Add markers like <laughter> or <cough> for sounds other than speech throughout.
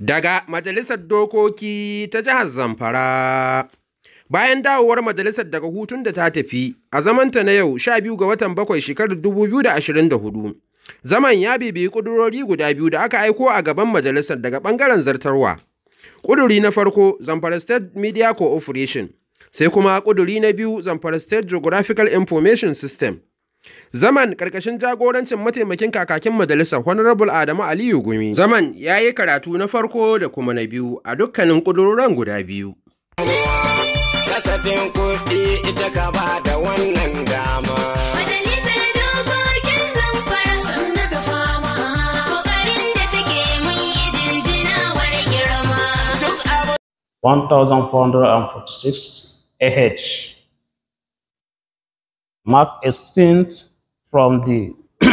daga Majalisar Dokoki ta Jihar Zamfara. Bayan dawowar majalisar daga hutun da ta tafi a zamanta na yau sha 12 ga watan bakwai shekarar hudu, zaman ya bibiyi ƙudurori guda biyu da aka aiko a gaban majalisar daga ɓangaren zartarwa. Ƙuduri na farko Zamfara State Media Cooperation, sai kuma ƙuduri na biyu Zamfara State Geographical Information System. Zaman ƙarƙashin jagorancin mataimakin kakakin majalisar Honorable Adamu Aliyu Gumi. Zaman ya yi karatu na farko da kuma na biyu a dukkanin ƙudurran guda biyu. Kasafin kuɗi ita ka ba da wannan dama. One thousand four hundred and forty-six AH mark a stint from the <clears throat>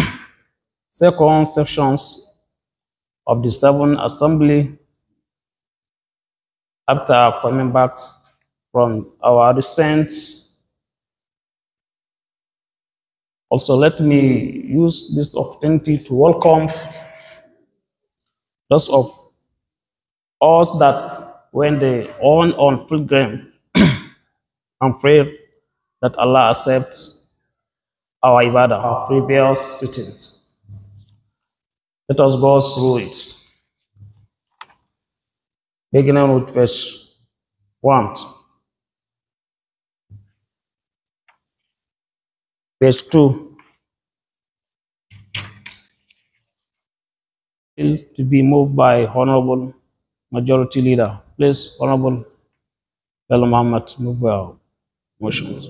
second sections of the seventh assembly after coming back from our recent also let me use this opportunity to welcome those of us that when they on on pilgrim <clears throat> and pray that Allah accepts our Ibadah, our previous sittings. Let us go through it. Beginning with verse 1. Verse 2. To be moved by Honorable Majority Leader. Please, Honorable Bella Muhammad, move our motions.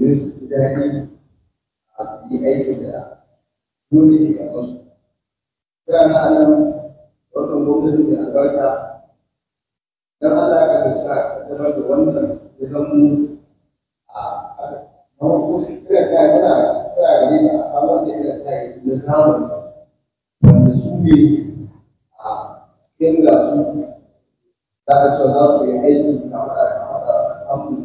don su ji daɗi a su yi aiki da dole ne a wasu. Kira na anan wannan gwamnati mai albarka don Allah ya ga sa kaddamar da wannan ya zama a ta yana kira gare ni a samar da irin ta na samun wanda su ne a su za a cewa za su yi aiki kamar da kamar da kamar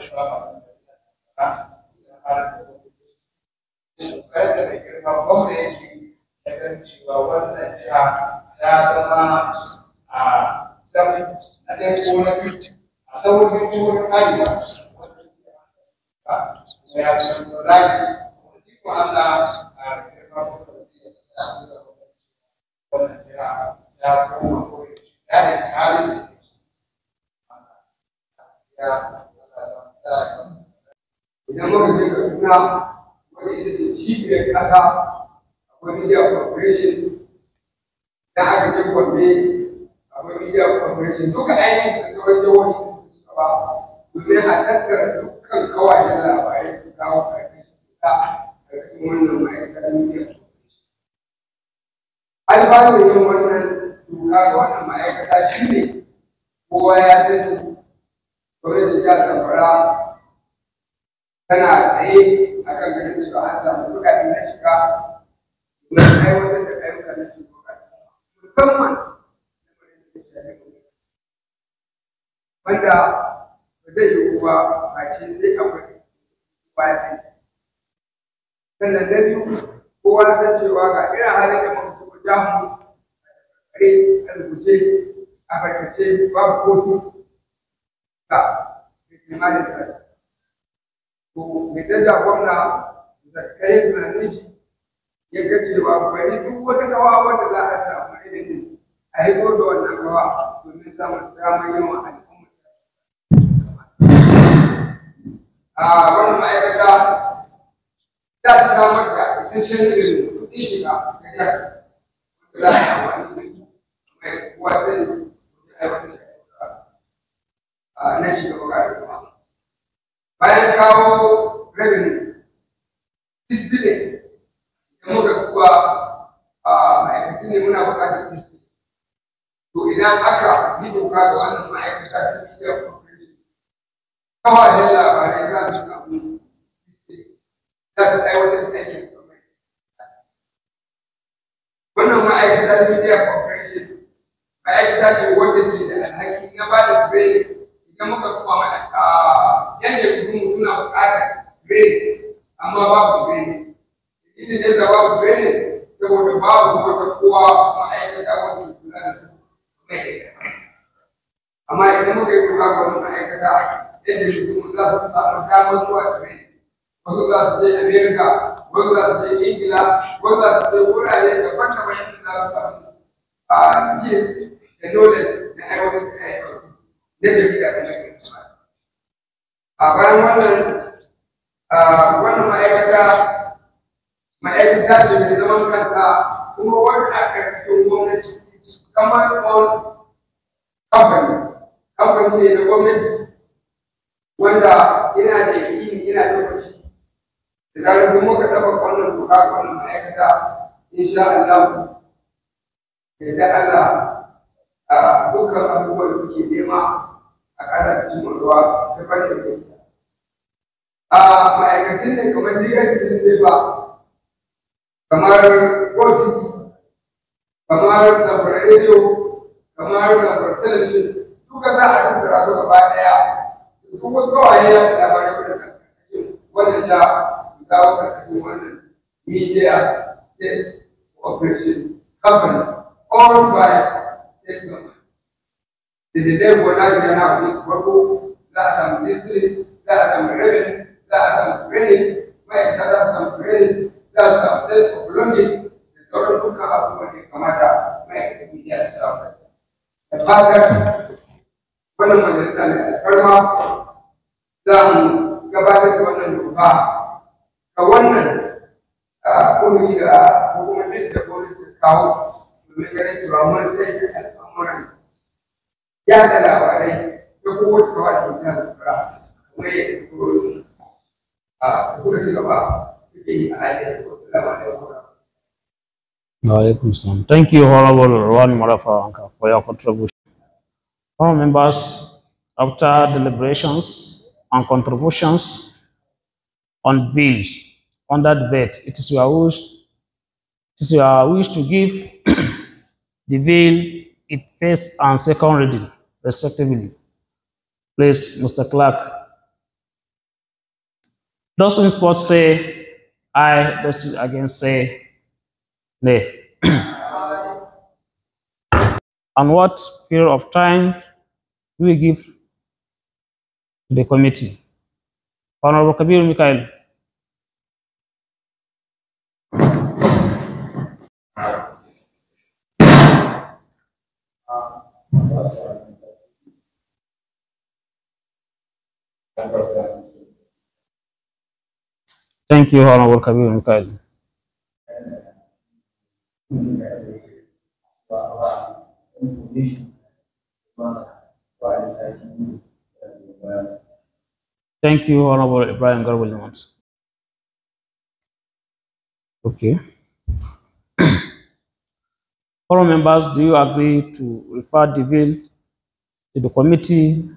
su kada da girman gwamnati da kan wannan ta zama a zaman na ya ci sun rai a girman ta ta idan muka je kaduna wani ita ce cibiyar ƙasa akwai media corporation da aka je gombe akwai da domin a tattara dukkan kawayen labarai su kawo wannan yin wannan doka ga wannan ma'aikata shi kowa ya sani gwamnatin jihar zamfara tana tsaye a kan gani su cewa an samu kuɗaɗe na shiga domin aiwatar da ayyuka na shugaba musamman wanda ba zai yi ba a ce sai akwai wasi sannan na biyu kowa san cewa ga irin halin da muka so jamu a rubuce a barkace babu ko ka limanin da to mai daja gwamna zakkai tunanin shi ya ga cewa bari duk wata kawa wanda za a samu ilimin a hito da wannan kawa domin samun damar yin wa al'umma a wannan ma'aikata za ta samar da isasshen ilimin kuɗin shiga ga jihar wanda za a samu ilimin mai kuwa sani da aiwatar a ah, nan shiga bukari kuma bayan kawo rabin disbilin da muka kuwa a ma'aikatu ne muna bukatar to idan aka yi doka ga wannan ma'aikata ta media corporation kawajen labarai za su samu za su aiwatar da aikin gwamnati wannan ma'aikata ta media corporation ma'aikata ce wadda ke da alhakin ya ba da training idan muka kuma mana yan jam'iyyun suna buƙatar grade amma babu grade idan da yadda babu saboda babu wata kowa ma'aikata wanda kula da su amma idan muka yi kula ga wani ma'aikata yadda shugaban za su samu damar zuwa grade wasu za su je america wasu za su je ingila wasu za su je wurare daban-daban inda za su samu a cikin da dole na aiwatar da aiwatar na tafiya a bayan wannan wannan ma'aikata ma'aikata ce mai zaman kanta kuma wanda aka fito gwamnati kamar on kamfani kamfani ne na wanda yana da yakini yana da kwashi da zarar kuma ka dafa wannan doka wannan ma'aikata insha Allah da Allah dukkan abubuwan da ke nema a ƙara cikin ruwa ta fannin kuka. A ma'aikacin ne kamar digasinin zai ba, kamar kosisi, kamar zafar rediyo, kamar zafar talabijin, duka za a tattara su gaba ɗaya. Su wasu kawai ya fi labarai da karkashin wanda ta kawo karkashin wannan media state operation company owned by Jadi dia boleh jadi nak buat kerbau, tak sama diesel, tak sama rebel, tak sama kredit, macam tak sama kredit, tak sama tes problem ni. Jadi orang tu kalau aku mesti kemana, macam ni dia sama. Lepas tu, mana mana tanya kerma dan kepada tuan yang berubah, kawan ah, pun punya hukum ini tidak boleh tahu mengenai ramai sesuatu orang. Jazala salam. Thank you, Honorable one, Marafa, for your contribution. All members, after deliberations and contributions on bills under debate, it is your wish, it is your wish to give <clears throat> the bill its first and second reading respectively. Please, Mr. Clark. Those in support say aye, those against say nay. and <clears throat> what period of time do we give to the committee? Honorable Kabir Mikhail. Thank you, Honorable Kabir Mikhail. Thank you, Honorable Ibrahim Garwilmans. Okay. Honorable <clears throat> members, do you agree to refer the bill to the committee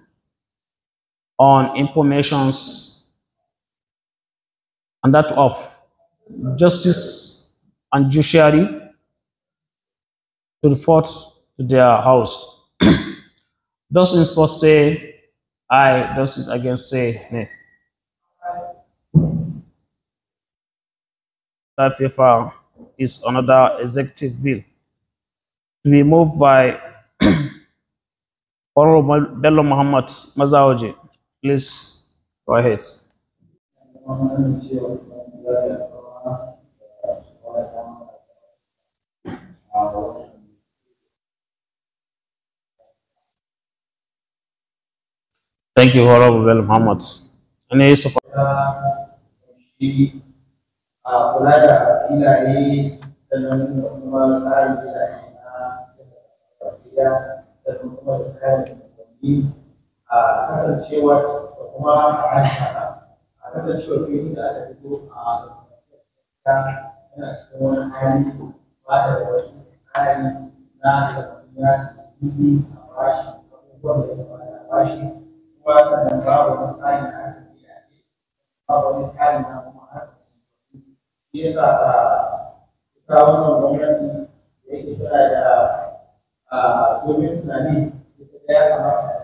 on informations and that of justice and judiciary to report to their house. Thus in sports say, I, Does it again say, nay. That paper is another executive bill to be moved by <clears throat> Oral Bello Muhammad Mazaoji. Please go ahead. Thank you, Honorable Muhammad. Any support? a kasancewar da kuma fahimta a kasancewar filin da aka fito a ta yana cikin wani hali ba da wani tsari na da ya sami a bashi abubuwan da ya bada bashi kuma sannan babu wani tsari na aka yi a ce babu wani tsari na kuma aka yi shi yasa a ita wannan gwamnati da yake da domin tunani ya kamata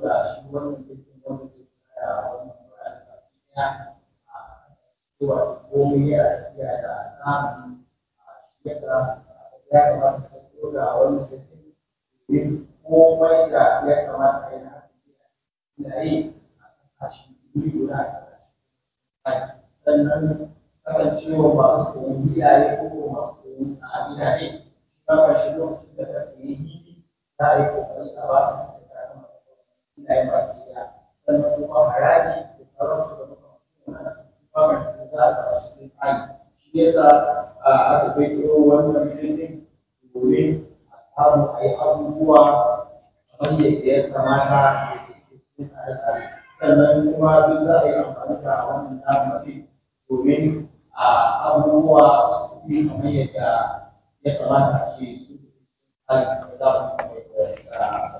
da wannan jirgin a wannan wurare ba su ya cewa ya tafiya da tsarin shi yadda ya ya ya a saka shi wuri guda a sannan kakan cewa sannan kuma haraji da sauransu da shi yasa wannan domin a samu a yi abubuwa kamar da cikin tsare-tsare sannan kuma duk za a yi amfani da wannan domin a abubuwa su ya kamata ce su tsari da za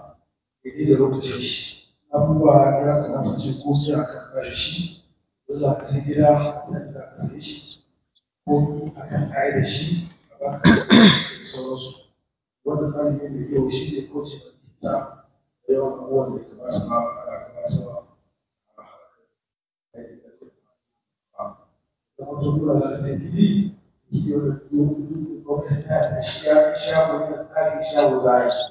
daidai da lokacin shi abubuwa ya kamata ce ko su aka tsare shi ko za ka sai gida a san gida ka sai shi ko a kan kaya da shi a ba ka sauransu wanda tsari ne shi ne ko ce ta da da ya kamata ba a kamata ba zama su shi da shi ya shago na tsari shago za a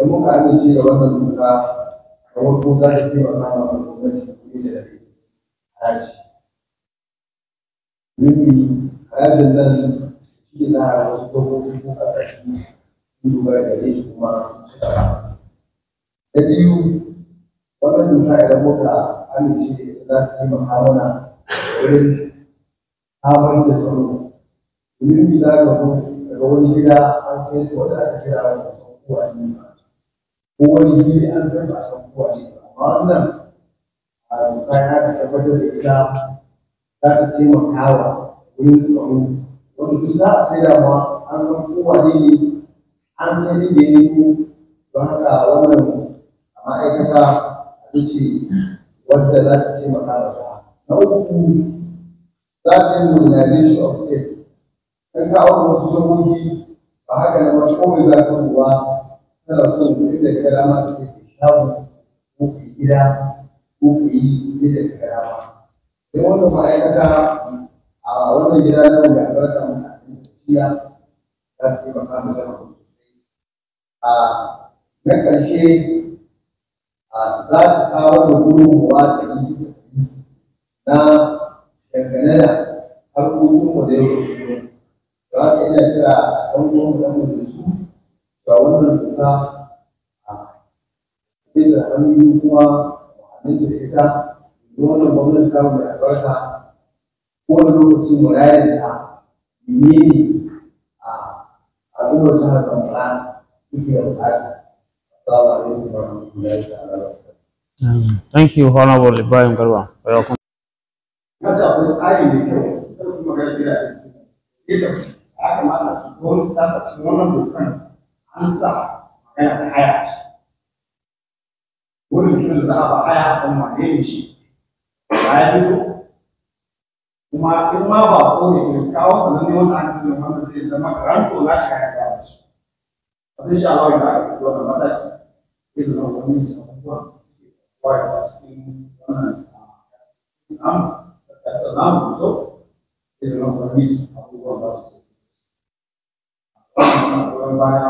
da muka amince da wannan doka kamar ko za ta taimaka ma gwamnati kuɗi da dare haraji domin harajin nan shi na wasu gwamnati ko ƙasashe sun dogara gare shi kuma sun ci gaba da biyu wannan doka idan muka amince za ta taimaka mana wurin samar da tsaro domin bi za ka daga wani gida an sayar da wanda aka sayar da wasu a yi ba ko wani gini an san ba san kowa ne ba amma wannan a doka ya ka tabbatar da ita za ta taimaka wa wurin tsaro wanda duk za a saida ma an san kowa ne ne an san inda ya nemo, don haka wannan a ma'aikata a ce wadda za ta taimaka wa ta na uku za ta yi modernization of state kan kawo wasu shagogi ba haka na ba kawai za ta ruwa tana so duk da ka ka ce ka shawo ko gida ko yi da sai wanda ma'aikata a gida na mu da albarka mu na tafiya za a na ƙarshe za ta samar da gudunmuwa na dangane da harkokin da yau da haka ina kira ɗan da ga wannan cuta a da hanyoyi kuma da ita da wannan gwamnati ta mai albarka lokaci mu menene a al'ummar jihar zamfara suke bukata assalamu alaikum warahmatullahi thank you honorable ibrahim garba tsari kuma ga gidaje. Ita, su gwamnati ta sa wannan عن الصحة كانت الحياة والرجل اللي ضرب حياة ثم يمشي عادله kuma in ma ba ko ne ke kawo sananne wanda an sani wanda zai zama karanto na shi kayan kawo shi a sai sha Allah ya ga wannan mataki ya zama wani shi abubuwa waya ba cikin wannan am da ta namu so ya zama wani shi abubuwa ba su so wannan bayan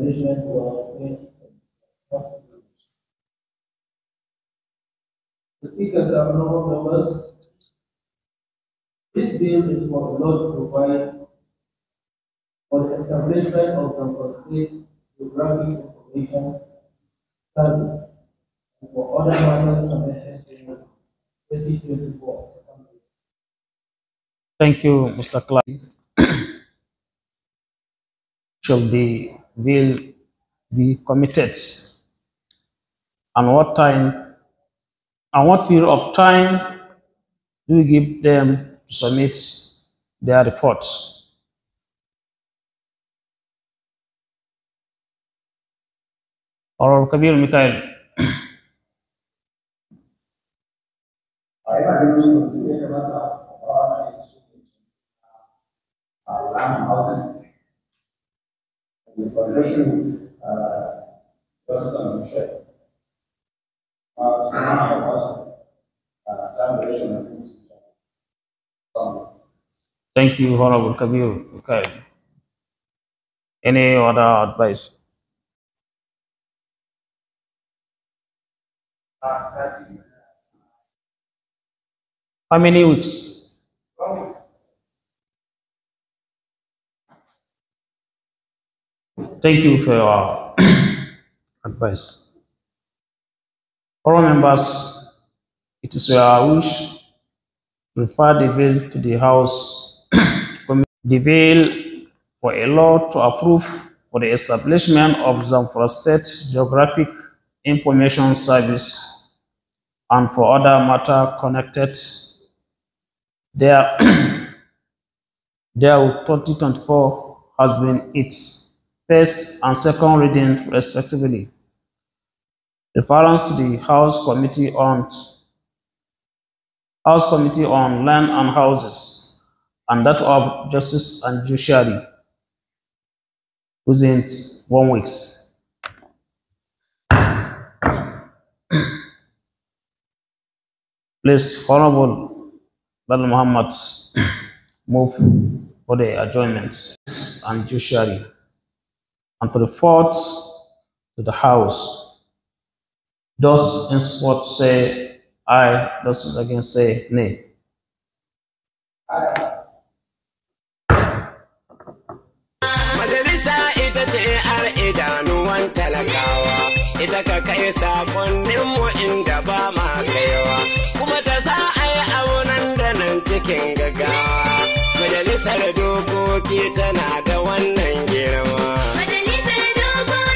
management were appointed from The speakers are honorable members. This bill is for the Lord to provide for the establishment of the state geographic information service and for other matters connected to 2024. Thank you, Mr. Clark. <clears throat> Shall the will be committed and what time and what period of time do you give them to submit their reports or Kabir Mikhail. I uh, Uh, so now I was uh, of Thank you, Honorable Kabir. Okay. Any other advice? How many weeks? Thank you for your <clears throat> advice. All members, it is our wish to refer the bill to the House <clears throat> The bill for a law to approve for the establishment of Zamfara State Geographic Information Service and for other matter connected there, <clears throat> there 2024 has been its first and second reading respectively. Reference to the House Committee on House Committee on Land and Houses and that of Justice and Judiciary within one week. Please, Honorable Madam Muhammad, move for the adjournment and judiciary and to the fourth to the house. Thus henceforth say I, thus again say nay. Majalisa ita ce idanuwan talakawa. ita ka kai mu inda ba ma kaiwa kuma ta sa a yi aunan da nan cikin gaggawa majalisar dokoki tana da wannan girma majalisar dokoki